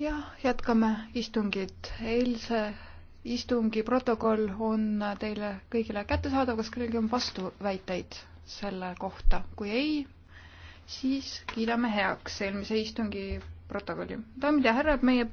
jah, jätkame istungit. eilse istungi protokoll on teile kõigile kättesaadav, kas kellelgi on vastuväiteid selle kohta? kui ei, siis kiidame heaks eelmise istungi protokolli. daamid ja härrad, meie